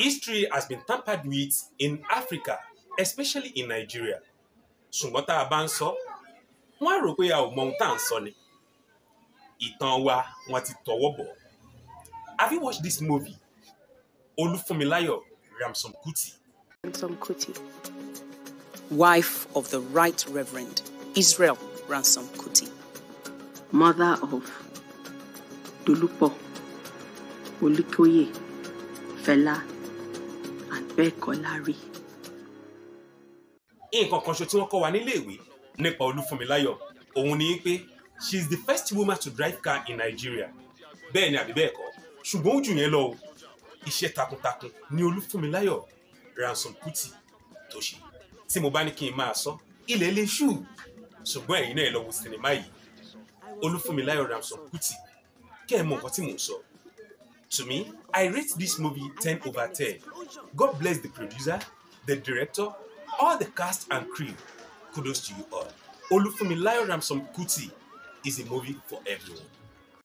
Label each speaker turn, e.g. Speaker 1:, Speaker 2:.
Speaker 1: history has been tampered with in Africa especially in Nigeria ṣùgbọ́n tá a bá ń sọ wọ́n á rò pé a ò mọ ohun tá à ń sọ ni ìtàn wa wọ́n ti tọwọ́ bọ̀ have you watched this movie Olúfúnmiláyọ̀
Speaker 2: Ramson Kuti. Ramson Kuti wife of the Right Reverend Israel Ransom Kuti. mother of
Speaker 3: Dolupo Olikoye Fela bẹ́ẹ̀ kọ́ la
Speaker 1: nǹkan kan ṣo tí wọ́n kọ́ wa níléèwé nípa olúfúnmiláyọ̀ òun ni pé she is the first woman to drive car in Nigeria bẹ́ẹ̀ ni àbí bẹ́ẹ̀ kọ́ ṣùgbọ́n ó jù yẹn lọ o iṣẹ́ takuntakun ni olúfúnmiláyọ̀ Ransome Kuti tó ṣe tí mo bá ní kí n máa sọ ilẹ̀ lè ṣù ṣùgbọ́n ẹ̀yin náà lọ wo sinimá yìí olúfúnmiláyọ̀ Ransome Kuti kẹ́ ẹ̀ mọ nǹkan tí mò ń sọ To me, I rate this movie 10 over 10. God bless the producer, the director, all the cast and crew.
Speaker 3: Kudos to you all. Olufumi Lion Kuti is a movie for everyone.